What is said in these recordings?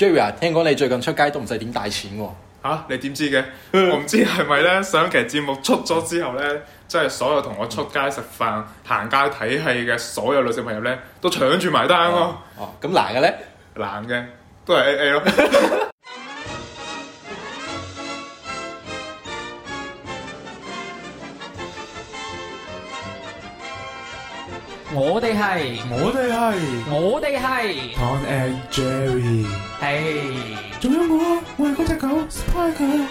Jerry 聽講你最近出街都唔使點帶錢喎、啊啊。你點知嘅？我唔知係咪咧。上期節目出咗之後咧，即係所有同我出街食飯、嗯、行街睇戲嘅所有女性朋友咧，都搶住埋單喎、啊。哦、啊，咁男嘅咧？男、啊、嘅都係 A A 咯。 我哋係，我哋係，我哋係。Tom and Jerry，係是。仲有我，我係嗰隻狗 Spiker。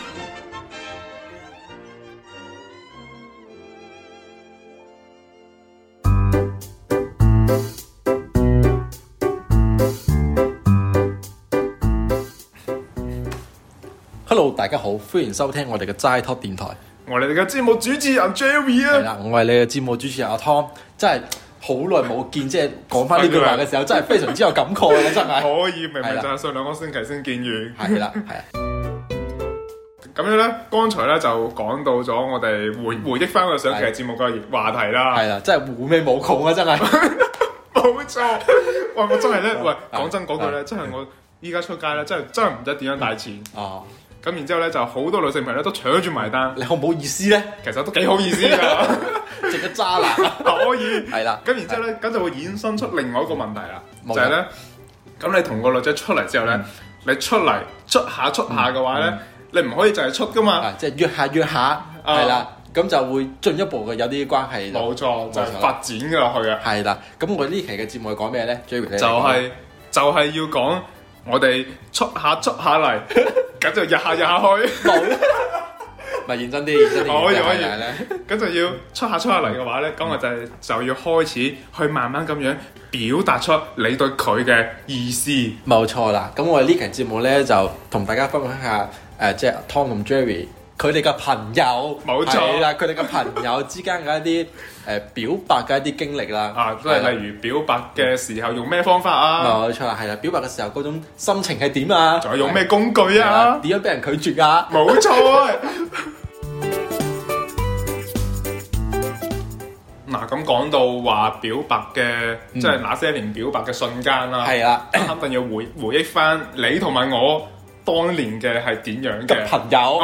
Hello，大家好，歡迎收聽我哋嘅齋 Talk 電台。我哋嘅節目主持人 Jerry 啊。係我係你嘅節目主持人阿 Tom，真係。好耐冇見，即係講翻呢句話嘅時候， 真係非常之有感慨真係。 可以，明明是的 就係上兩個星期先見完。係啦，係啊。咁 樣咧，剛才咧就講到咗我哋回回憶翻嗰上,上期節目嘅話題啦。係啦，真係回味無窮啊！真係。冇 錯。 喂，我真係咧， 喂，講真嗰句咧，真係我依家出街咧，真係真係唔知點樣帶錢。哦、啊。咁然之後咧，就好多女性朋友都搶住埋單。你好唔好意思咧？其實都幾好意思噶。 渣啦，可以係啦，咁然之後咧，咁就會衍生出另外一個問題啦，就係咧，咁你同個女仔出嚟之後咧，你出嚟出下出下嘅話咧，你唔可以就係出噶嘛，即係約下約下，係啦，咁就會進一步嘅有啲關係，冇錯就發展嘅落去啊，係啦，咁我呢期嘅節目講咩咧？就係就係要講我哋出下出下嚟，咁就一下一下去。冇。咪認真啲，認真啲。可以可以，係啦。咁就要出下出下嚟嘅話咧，咁我就就要開始去慢慢咁樣表達出你對佢嘅意思。冇錯啦，咁我哋呢期節目咧就同大家分享下誒，即係 Tom 同 Jerry 佢哋嘅朋友。冇錯啦，佢哋嘅朋友之間嘅一啲誒表白嘅一啲經歷啦。啊，即係例如表白嘅時候用咩方法啊？冇錯，係啦。表白嘅時候嗰種心情係點啊？仲有用咩工具啊？點樣俾人拒絕啊？冇錯。咁講到話表白嘅，即係那些年表白嘅瞬間啦，係啦，肯定要回回憶翻你同埋我當年嘅係點樣嘅朋友，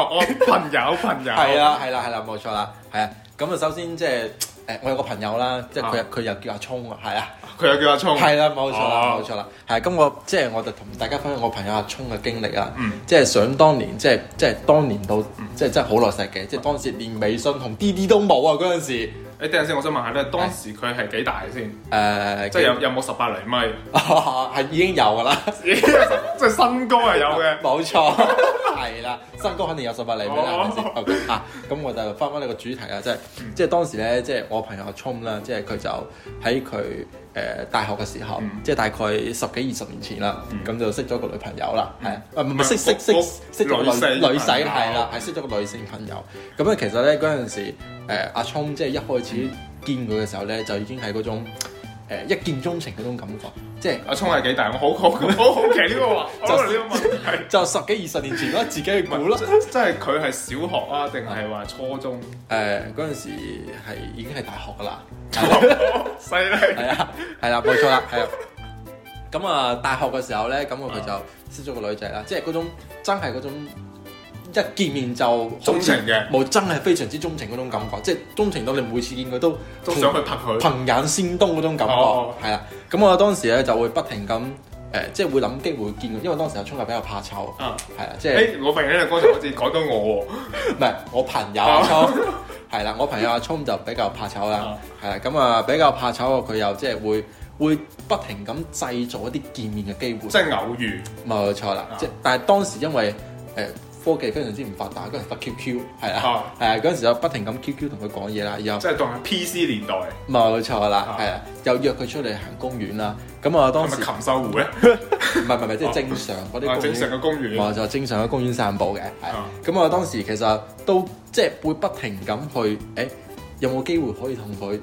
朋友朋友，係啊，係啦，係啦，冇錯啦，係啊。咁啊，首先即係誒，我有個朋友啦，即係佢佢又叫阿聰啊，係啊，佢又叫阿聰，係啦，冇錯啦，冇錯啦。係咁，我即係我就同大家分享我朋友阿聰嘅經歷啊，即係想當年，即係即係當年到，即係真係好落實嘅，即係當時連微信同滴滴都冇啊嗰陣時。誒，等陣先，我想問下咧，當時佢係幾大先？誒、呃，即係有有冇十八厘米？係 已經有㗎啦，即係身高係有嘅。冇錯，係啦， 身高肯定有十八厘米啦，係咪先？嚇、 啊，咁我就翻返你個主題啊，就是嗯、即係即係當時咧，即、就、係、是、我朋友阿聰啦，即係佢就喺、是、佢。誒大學嘅時候，即係大概十幾二十年前啦，咁就識咗個女朋友啦，係，唔唔唔，識識識咗女女仔，係啦，係識咗個女性朋友。咁咧其實咧嗰陣時，誒阿聰即係一開始見佢嘅時候咧，就已經係嗰種。誒、嗯、一見鐘情嗰種感覺，即係阿聰係幾大？我好，我好、 哦、好奇呢個 就十幾二十年前咯，自己去估咯。真係佢係小學啊，定係話初中？誒嗰陣時係已經係大學噶啦，犀利。係啊，係啦，冇錯啦，係啊。咁啊，大學嘅時候咧，咁佢就識咗個女仔啦， 即係嗰種真係嗰種。一見面就鍾情嘅，冇真係非常之鍾情嗰種感覺，即係鍾情到你每次見佢都都想去拍佢，朋眼先東嗰種感覺，係啦。咁我當時咧就會不停咁誒，即係會諗機會見佢，因為當時阿聰係比較怕醜，係啦，即係。我朋友嗰時候好似講緊我喎，唔係我朋友阿聰，係啦，我朋友阿聰就比較怕醜啦，係啦，咁啊比較怕醜，佢又即係會會不停咁製造一啲見面嘅機會，即係偶遇，冇錯啦。即但係當時因為誒。科技非常之唔發達，嗰陣時發 QQ 係啊，係啊，嗰陣時就不停咁 QQ 同佢講嘢啦，又即係當係 PC 年代，冇錯啦，係啊，又約佢出嚟行公園啦，咁啊當時係咪禽獸湖咧，唔係唔係即係正常嗰啲，正常嘅公園，冇錯，正常嘅公園散步嘅，係，咁我當時其實都即係會不停咁去，誒，有冇機會可以同佢，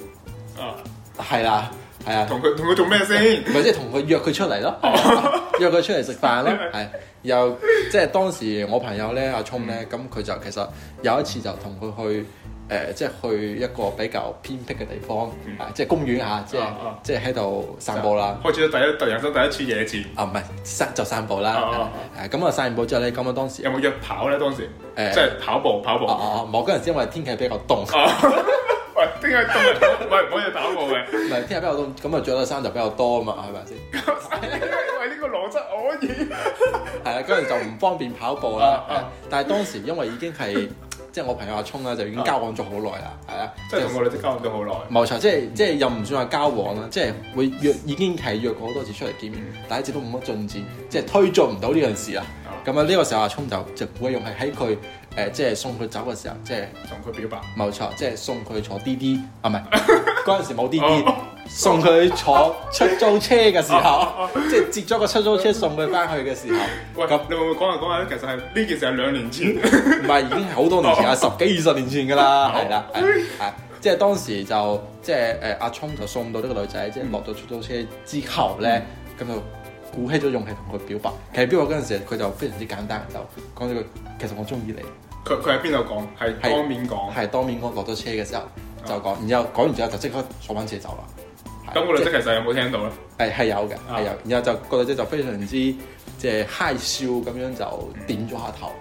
啊，係啦，係啊，同佢同佢做咩先？咪即係同佢約佢出嚟咯，約佢出嚟食飯咯，係。又即係當時我朋友咧阿聰咧，咁佢就其實有一次就同佢去誒，即係去一個比較偏僻嘅地方，即係公園嚇，即係即係喺度散步啦。開始咗第一人生第一次野戰啊！唔係散就散步啦。咁啊，散完步之後咧，咁啊當時有冇約跑咧當時？誒即係跑步跑步。我哦，冇嗰陣時，因為天氣比較凍。哦，喂，天氣凍？唔係唔可以跑步嘅。唔係天氣比較凍，咁啊着得衫就比較多啊嘛，係咪先？個邏輯可以，係啊，跟住就唔方便跑步啦。但、嗯、係、嗯、 當時因為已經係即係我朋友阿聰啦，就已經交往咗好耐啦。係啊，即係我哋都交往咗好耐。冇錯，即係即係又唔算話交往啦，嗯、即係會約已經係約過好多次出嚟見面，嗯、但一直都冇乜進展，即係推進唔到呢樣事啊。咁啊，呢個時候阿聰就就鼓起勇氣喺佢誒即係送佢走嘅時候，即係同佢表白。冇錯，即係送佢坐滴滴、嗯，係咪、 嗯？嗰陣時冇滴滴。送佢坐出租車嘅時候，即係接咗個出租車送佢翻去嘅時候。喂，咁你會唔會講下講下咧？其實係呢件事係兩年前，唔係已經係好多年前，係十幾二十年前㗎啦。係啦，係，即係當時就即係誒阿聰就送到呢個女仔，即係落到出租車之後咧，咁就鼓起咗勇氣同佢表白。其實表白嗰陣時，佢就非常之簡單，就講咗句：其實我中意你。佢佢喺邊度講？係當面講。係當面講落咗車嘅時候就講，然之後講完之後就即刻坐翻車走啦。咁個女仔其實有冇聽到咧？誒，係有嘅，係有。然後就、嗰個女仔就非常之即係嗨笑咁樣就點咗下頭，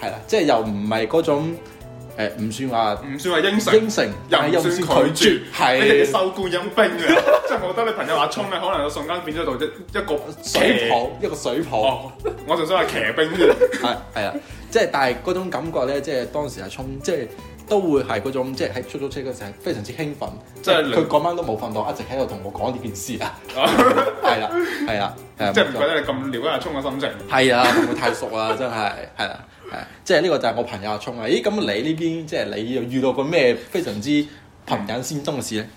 係啦、嗯。即係又唔係嗰種唔、呃、算話，唔算話應承，應承又唔算拒絕，係收工飲冰嘅。即係 我覺得你朋友阿聰咧，可能個瞬間變咗到即一個水泡，一個水泡、哦。我仲想話騎兵嘅，係係啊。即係但係嗰種感覺咧，即係當時阿聰即係。都會係嗰種即係喺出租車嗰陣非常之興奮，即係佢嗰晚都冇瞓到，一直喺度同我講呢件事啊，係 啦，係啦，即係唔怪得你咁了解阿聰嘅心情。係啊，同佢太熟啦，真係，係啦，係，即係呢個就係我朋友阿聰啊。咦，咁你呢邊即係、就是、你又遇到個咩非常之朋友先東事咧？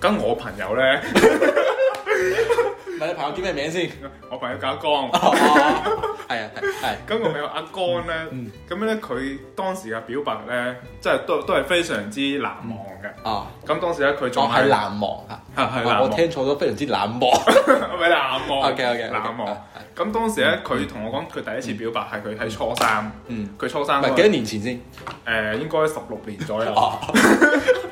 咁 我朋友咧。 我你朋友叫咩名先？我朋友叫阿江，係啊，係。 咁我朋友阿江咧，咁咧佢當時嘅表白咧，即、就、係、是、都都係非常之難忘嘅。啊、嗯、咁、嗯、當時咧佢仲係難忘。係啦！我聽錯咗，非常之冷漠，咪冷漠。OK，OK，冷漠。咁當時咧，佢同我講，佢第一次表白係佢喺初三，嗯，佢初三。唔係幾多年前先？誒，應該十六年左右。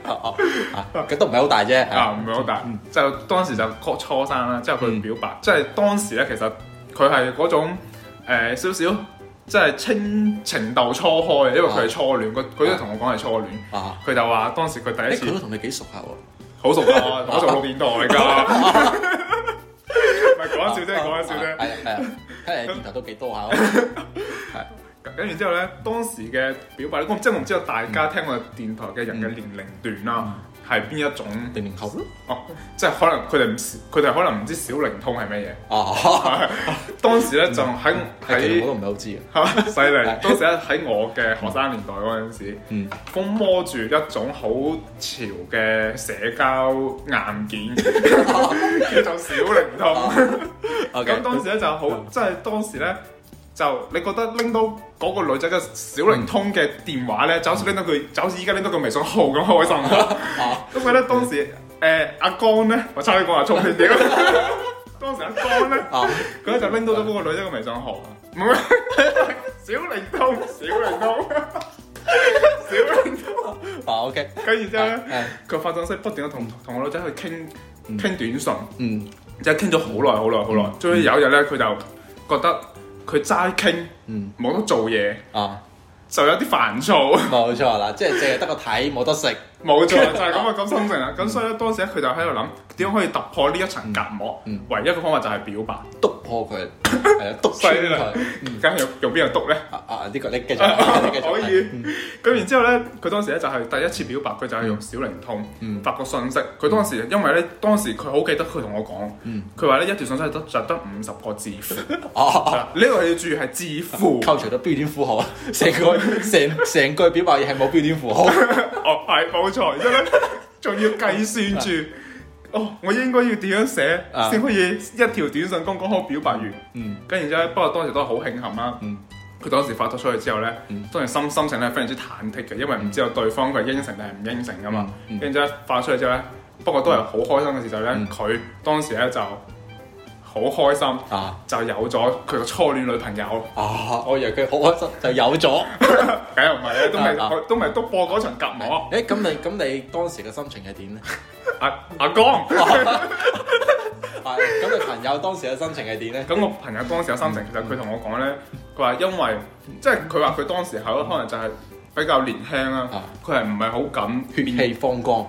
佢都唔係好大啫。啊，唔係好大。就當時就初初三啦，之後佢唔表白，即係當時咧，其實佢係嗰種誒，少少即係情情竇初開啊，因為佢係初戀，佢都同我講係初戀。啊，佢就話當時佢第一次，都同你幾熟下好熟噶，啊，我做過電台噶，唔係講笑啫，講一笑啫，係啊係啊，聽、啊、你電台都幾多下，跟住之後咧，當時嘅表白，我即係我唔知道大家聽我電台嘅人嘅年齡段啊。係邊一種零零後咯？哦，即係、啊就是、可能佢哋唔，佢哋可能唔知小靈通係乜嘢。哦， 當時咧就喺喺，嗯嗯、我都唔係好知，係嘛、啊？犀利！ 當時咧喺我嘅學生年代嗰陣時， 風摸摸住一種好潮嘅社交硬件，叫做 小靈通。咁、Uh huh. Okay. 當時咧就好，即係 當時咧。就你覺得拎到嗰個女仔嘅小靈通嘅電話咧，就好似拎到佢，就好似依家拎到個微信號咁開心。因為咧當時誒阿江咧，我差猜估下錯唔錯？當時阿江咧，佢咧就拎到咗嗰個女仔嘅微信號，唔係，小靈通，小靈通，小靈通。哇！O K。跟住之後咧，佢發信息不斷咁同同個女仔去傾傾短信，嗯，即係傾咗好耐好耐好耐。終於有一日咧，佢就覺得。佢齋傾，冇得、嗯、做嘢啊，就有啲煩躁。冇錯啦，即係淨係得個睇，冇得食。冇錯，就係、是、咁啊，咁心情。啊。咁所以咧，當時咧，佢就喺度諗點樣可以突破呢一層隔膜。嗯、唯一嘅方法就係表白。拖佢，係啊，篤死佢！而家用用邊度篤咧？啊，呢個你繼續， 可以。咁 然之後咧，佢當時咧就係第一次表白，佢就係用小靈通、 嗯、發個信息。佢當時、嗯、因為咧，當時佢好記得佢同我講，佢話咧一條信息得著得五十個字符。哦，呢個要注意係字符，扣除咗標點符號啊！成、啊、個成成句表白嘢係冇標點符號。哦， 係冇錯啫，仲要計算住。 啊啊哦，我應該要點樣寫先、uh, 可以一條短信剛剛好表白完？嗯，跟住之後呢，不過當時都係好慶幸啦。嗯，佢當時發咗出去之後咧，嗯、當然心心情咧非常之忐忑嘅，因為唔知道對方佢應承定係唔應承㗎嘛。跟住、嗯嗯、之後發出去之後咧，不過都係好開心嘅事就係咧，佢、嗯、當時咧就。好開心啊！就有咗佢個初戀女朋友啊！我以為佢好開心就有咗，梗又唔係啦，都咪都咪篤播嗰層夾我。咁你咁你當時嘅心情係點咧？阿阿江係咁，你朋友當時嘅心情係點咧？咁我朋友當時嘅心情，其實佢同我講咧，佢話因為即係佢話佢當時候可能就係比較年輕啦，佢係唔係好緊血氣方剛。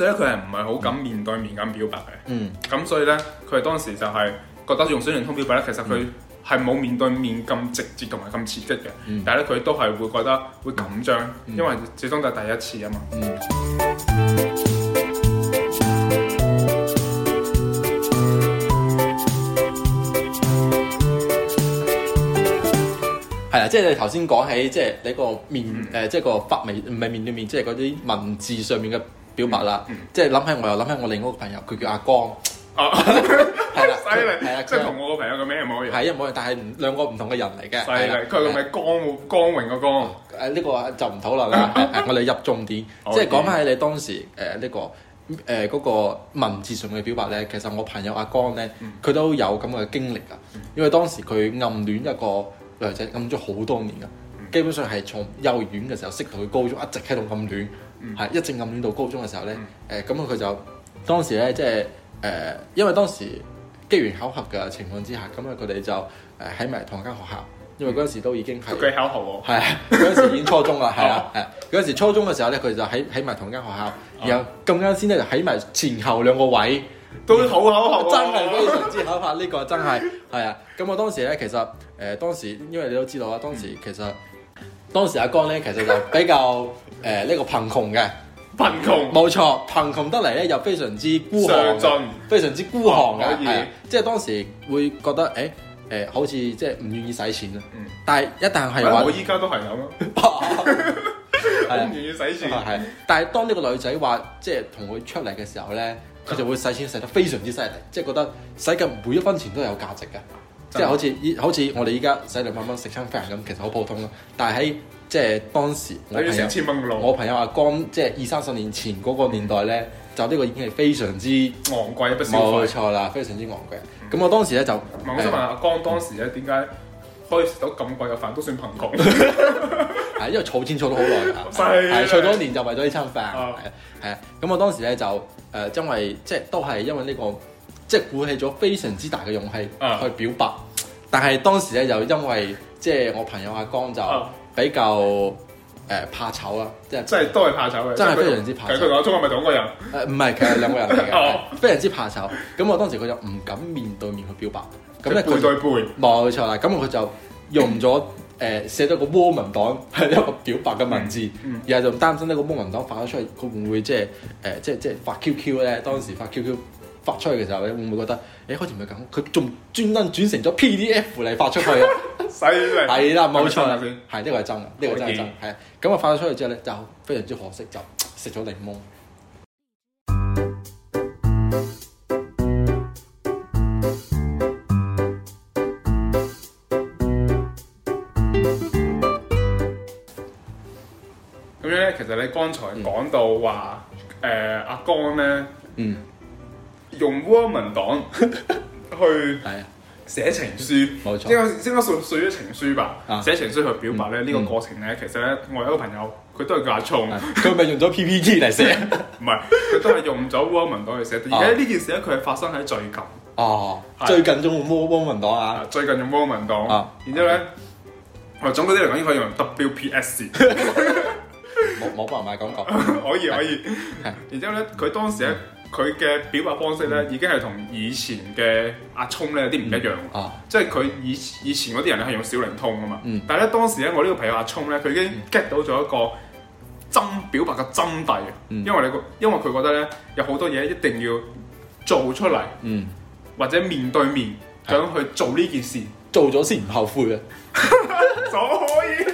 所以佢係唔係好敢面對面咁表白嘅？嗯，咁所以咧，佢當時就係覺得用小靈通表白咧，其實佢係冇面對面咁直接同埋咁刺激嘅。嗯，但係咧，佢都係會覺得會緊張，因為始終都係第一次啊嘛。嗯，係啊，即係你頭先講起，即係你個面誒，即係、嗯呃就是、個發微唔係面對面，即係嗰啲文字上面嘅。表白啦，即係諗起我又諗起我另一個朋友，佢叫阿光，係啦，犀利，係啊，即係同我個朋友個名係冇樣，係啊冇樣，但係兩個唔同嘅人嚟嘅，犀利，佢係咪光光榮嘅光？誒，呢個就唔討論啦，我哋入重點，即係講翻起你當時誒呢個誒嗰個文字上面嘅表白咧，其實我朋友阿光咧，佢都有咁嘅經歷噶，因為當時佢暗戀一個女仔暗咗好多年噶。基本上係從幼兒園嘅時候識到佢高中，一直喺度暗戀，係一直暗戀到高中嘅時候咧。誒，咁佢就當時咧，即係誒，因為當時機緣巧合嘅情況之下，咁啊佢哋就誒喺埋同一間學校，因為嗰陣時都已經係，幾巧合喎，係啊，嗰時已經初中啦，係啊，係。嗰陣時初中嘅時候咧，佢就喺喺埋同一間學校，然後咁啱先咧就喺埋前後兩個位，都好巧合，真係非常之巧合，呢個真係係啊。咁我當時咧，其實誒當時，因為你都知道啊，當時其實。當時阿江咧，其實就比較誒呢、呃這個貧窮嘅貧窮，冇錯，貧窮得嚟咧又非常之孤寒，進非常之孤寒嘅嘢、哦，即係當時會覺得誒誒、欸呃，好似即係唔願意使錢啦。但係一旦係話，我依家都係咁，唔願意使錢。係，但係當呢個女仔話即係同佢出嚟嘅時候咧，佢就會使錢使得非常之犀利，即係覺得使嘅每一分錢都有價值嘅。即係好似依好似我哋依家使兩百蚊食餐飯咁，其實好普通咯。但係喺即係當時，我朋友話，我朋友阿江即係二三十年前嗰個年代咧，就呢個已經係非常之昂貴。冇錯啦，非常之昂貴。咁我當時咧就，唔，我想問阿江當時咧點解可以食到咁貴嘅飯都算貧窮？係因為儲錢儲到好耐啊，係儲多年就為咗呢餐飯。係啊，咁我當時咧就誒，因為即係都係因為呢個即係鼓起咗非常之大嘅勇氣去表白。但係當時咧，就因為即係我朋友阿江就比較誒怕醜啦，即係即係都係怕醜嘅，真係非常之怕醜。其實講中文咪同一個人。誒唔係，其實兩個人嚟嘅，非常之怕醜。咁我當時佢就唔敢面對面去表白，咁咧背對背。冇錯啦，咁佢就用咗誒寫咗個 Word 文檔係一個表白嘅文字，然後就擔心呢個 Word 文檔發咗出去，佢會唔會即係誒即係即係發 QQ 咧？當時發 QQ。發出去嘅時候你會唔會覺得？誒、欸，開始唔係咁，佢仲專登轉成咗 PDF 嚟發出去，犀利係啦，冇錯， 係呢個係真呢個真係真，係啊。咁啊，發咗出去之後咧，就非常之可惜，就食咗檸檬。咁樣咧，其實你剛才講到話，誒、呃，阿江咧，嗯。用 Word 文檔去寫情書，冇錯，即係即係說說啲情書吧，寫情書去表白咧，呢個過程咧，其實咧，我有一個朋友，佢都係叫阿聰，佢咪用咗 PPT 嚟寫，唔係，佢都係用咗 Word 文檔去寫，而且呢件事咧，佢係發生喺最近，哦，最近仲用 Word 文檔啊，最近用 Word 文檔，然之後咧，哦，總啲嚟講，應該用 WPS，冇冇咁嘅感覺，可以可以，然之後咧，佢當時咧。佢嘅表白方式咧，已經係同以前嘅阿聰咧有啲唔一樣。啊，即係佢以以前嗰啲人係用小靈通㗎嘛。但係咧，當時咧，我呢個朋友阿聰咧，佢已經 get 到咗一個真表白嘅真諦。嗯，因為你，因為佢覺得咧，有好多嘢一定要做出嚟。嗯，或者面對面咁去做呢件事，做咗先唔後悔嘅。所以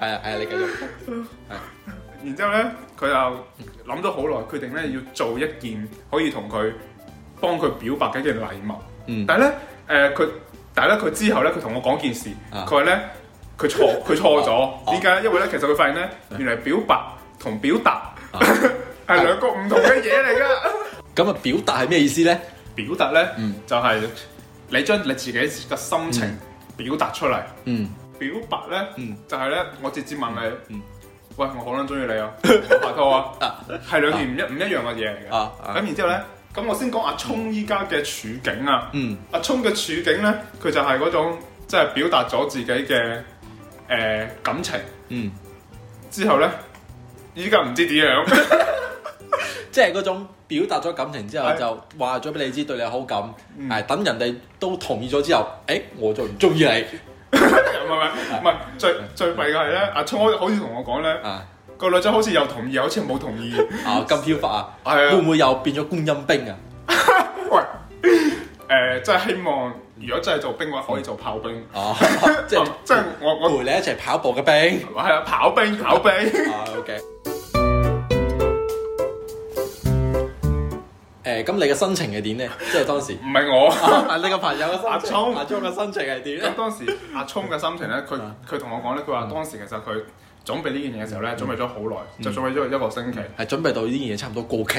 係啊，係啊，你繼續。係。然之後咧，佢又諗咗好耐，決定咧要做一件可以同佢幫佢表白嘅一件禮物。嗯，但係咧，誒、呃、佢，但係咧佢之後咧，佢同我講件事，佢話咧，佢錯，佢錯咗點解？因為咧，其實佢發現咧，原來表白同表達係、啊、兩個唔同嘅嘢嚟噶。咁啊，啊 表達係咩意思咧？表達咧，嗯，就係、是、你將你自己嘅心情表達出嚟、嗯。嗯，嗯表白咧，嗯，就係、是、咧，我直接問你。嗯嗯。喂，我好撚中意你啊！拍拖啊，係兩 件唔一唔 一樣嘅嘢嚟嘅。咁 然之後咧，咁我先講阿聰依家嘅處境啊。嗯，阿聰嘅處境咧，佢就係嗰種即係表達咗自己嘅誒、呃、感情。嗯，之後咧，依家唔知點樣， 即係嗰種表達咗感情之後是就話咗俾你知對你好感，係、嗯、等人哋都同意咗之後，誒、欸，我就唔中意你。 唔係唔係，唔係 最 最弊嘅係咧，阿、啊、聰好似同我講咧，個 女仔好似又同意， 好似冇同意嘅。啊咁、 哦、飄忽啊， 會唔會又變咗觀音兵啊？ 喂，誒、呃，即係希望，如果真係做兵嘅話，可以做炮兵。 哦，即係即係我我陪你一齊跑步嘅兵。係 啊， 跑兵跑 兵、 哦。Okay. 咁你嘅心情係點呢？即係當時唔係我，係你個朋友阿聰，阿聰嘅心情係點呢？當時阿聰嘅心情呢，佢佢同我講呢，佢話當時其實佢準備呢件嘢嘅時候呢，準備咗好耐，就準備咗一個星期，係準備到呢件嘢差唔多過期。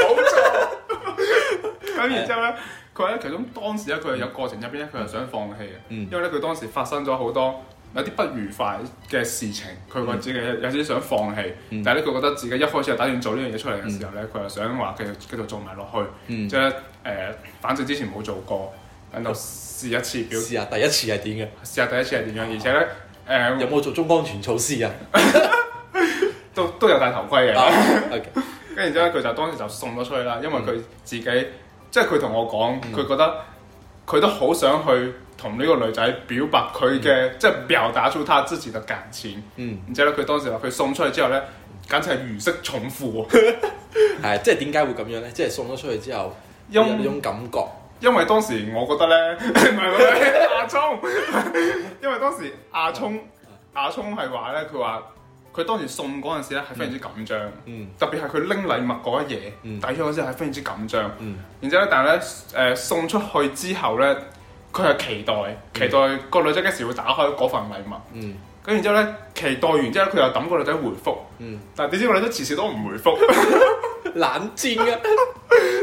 冇錯。咁然之後呢，佢話其實當時呢，佢有過程入邊呢，佢係想放棄嘅，因為呢，佢當時發生咗好多。有啲不愉快嘅事情，佢自己有啲想放棄，嗯、但係咧佢覺得自己一開始就打算做呢樣嘢出嚟嘅時候咧，佢又、嗯、想話繼續繼續做埋落去，嗯、即係誒、呃，反正之前冇做過，等到試一次表，表示下第一次係點嘅，試下第一次係點樣，啊、而且咧誒，呃、有冇做中安全措施啊？ 都都有戴頭盔嘅，跟、啊 okay. 然之後佢就當時就送咗出去啦，因為佢自己、嗯、即係佢同我講，佢覺得佢都好想去。同呢個女仔表白佢嘅，即係表達出他自己嘅感情。嗯。然之後咧，佢當時話佢送出去之後咧，簡直係如釋重負。係，即係點解會咁樣咧？即係送咗出去之後，有種感覺。因為當時我覺得咧，阿聰，因為當時阿聰，阿聰係話咧，佢話佢當時送嗰陣時咧係非常之緊張。嗯。特別係佢拎禮物嗰一嘢。遞出嗰陣係非常之緊張。嗯。然之後咧，但係咧，誒送出去之後咧。佢係期待，期待個女仔嗰時會打開嗰份禮物。嗯，咁然之後咧，期待完之後佢又等個女仔回覆。嗯，但點知個女仔遲遲都唔回覆，冷戰啊！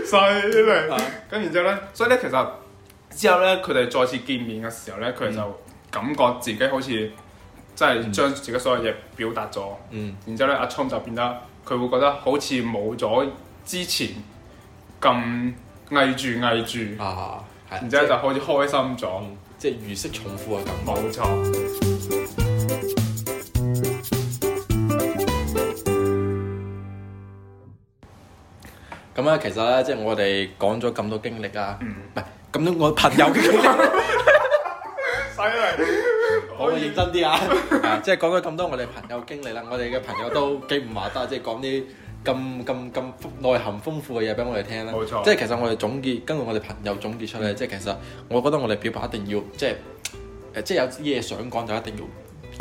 犀利。咁然之後咧，所以咧其實之後咧，佢哋再次見面嘅時候咧，佢就感覺自己好似真係將自己所有嘢表達咗。嗯，然之後咧，阿聰就變得佢會覺得好似冇咗之前咁翳住翳住啊。然之後就開始開心咗，即係如釋重負嘅感覺。冇錯、 right。咁啊，其實咧，即係我哋講咗咁多經歷啊，唔係咁樣我朋友嘅經歷，犀利。好，認真啲啊！啊，即係講咗咁多我哋朋友經歷啦，我哋嘅朋友都幾唔話得，即係講啲。咁咁咁內涵豐富嘅嘢俾我哋聽啦，冇錯。即係其實我哋總結，根據我哋朋友總結出嚟，嗯、即係其實我覺得我哋表白一定要，即係，誒，即係有啲嘢想講就一定要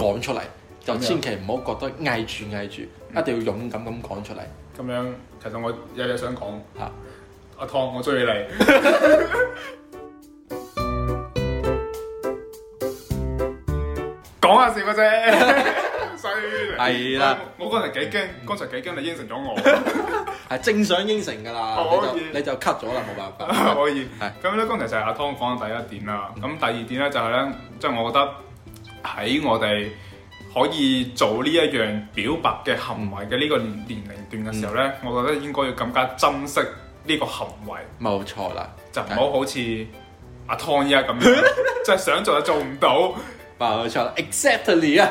講出嚟，麼就千祈唔好覺得嗌住嗌住，住，嗯、一定要勇敢咁講出嚟。咁樣，其實我有嘢想講，阿湯、啊，Tom, 我中意你， 講下笑嘅啫。 係啦， 我剛才幾驚，剛才幾驚你應承咗我，係 正想應承㗎啦，你就你就 cut 咗啦，冇辦法，可以係咁樣咧。剛才就係阿湯講嘅第一點啦。咁、嗯、第二點咧就係、是、咧，即、就、係、是、我覺得喺我哋可以做呢一樣表白嘅行為嘅呢個年年齡段嘅時候咧，嗯、我覺得應該要更加珍惜呢個行為。冇錯啦，就唔好好似阿湯依家咁樣， 樣就是、想做又做唔到。冇錯 ，exactly 啊。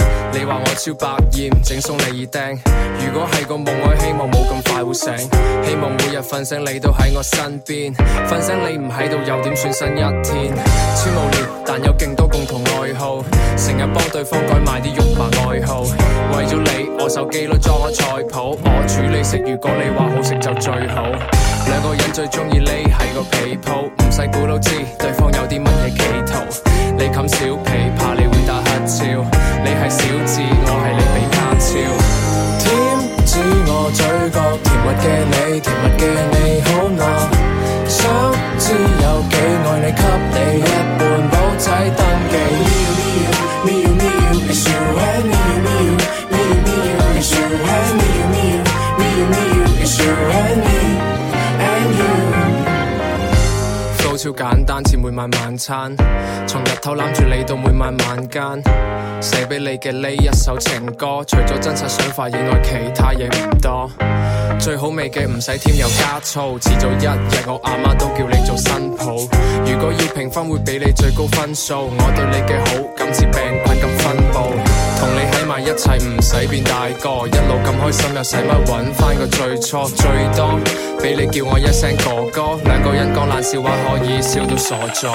你話我超百厭，整鬆你耳釘。如果係個夢，我希望冇咁快會醒。希望每日瞓醒你都喺我身邊，瞓醒你唔喺度又點算新一天？超無聊，但有勁多共同愛好，成日幫對方改埋啲肉麻外號。為咗你，我手機都裝咗菜譜，我煮你食，如果你話好食就最好。兩個人最中意匿喺個被鋪，唔使估都知對方有啲乜。簡單似每晚晚餐，從日頭攬住你到每晚晚間，寫俾你嘅呢一首情歌，除咗真實想法以外，其他嘢唔多。最好味嘅唔使添油加醋，遲早一日我阿媽都叫你做新抱。如果要評分，會俾你最高分數。我對你嘅好感似病菌咁分佈。.同你喺埋一齊唔使變大個，一路咁開心又使乜揾翻個最初最多，俾你叫我一聲哥哥，兩個人講爛笑話可以笑到傻咗。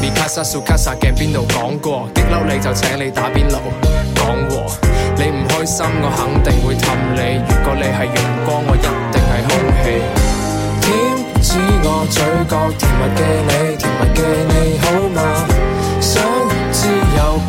Me casa su casa，鏡邊度講過，激嬲你就請你打邊爐，講和。你唔開心我肯定會氹你，如果你係陽光我一定係空氣。點知我嘴角甜蜜嘅你，甜蜜嘅你好嗎？想。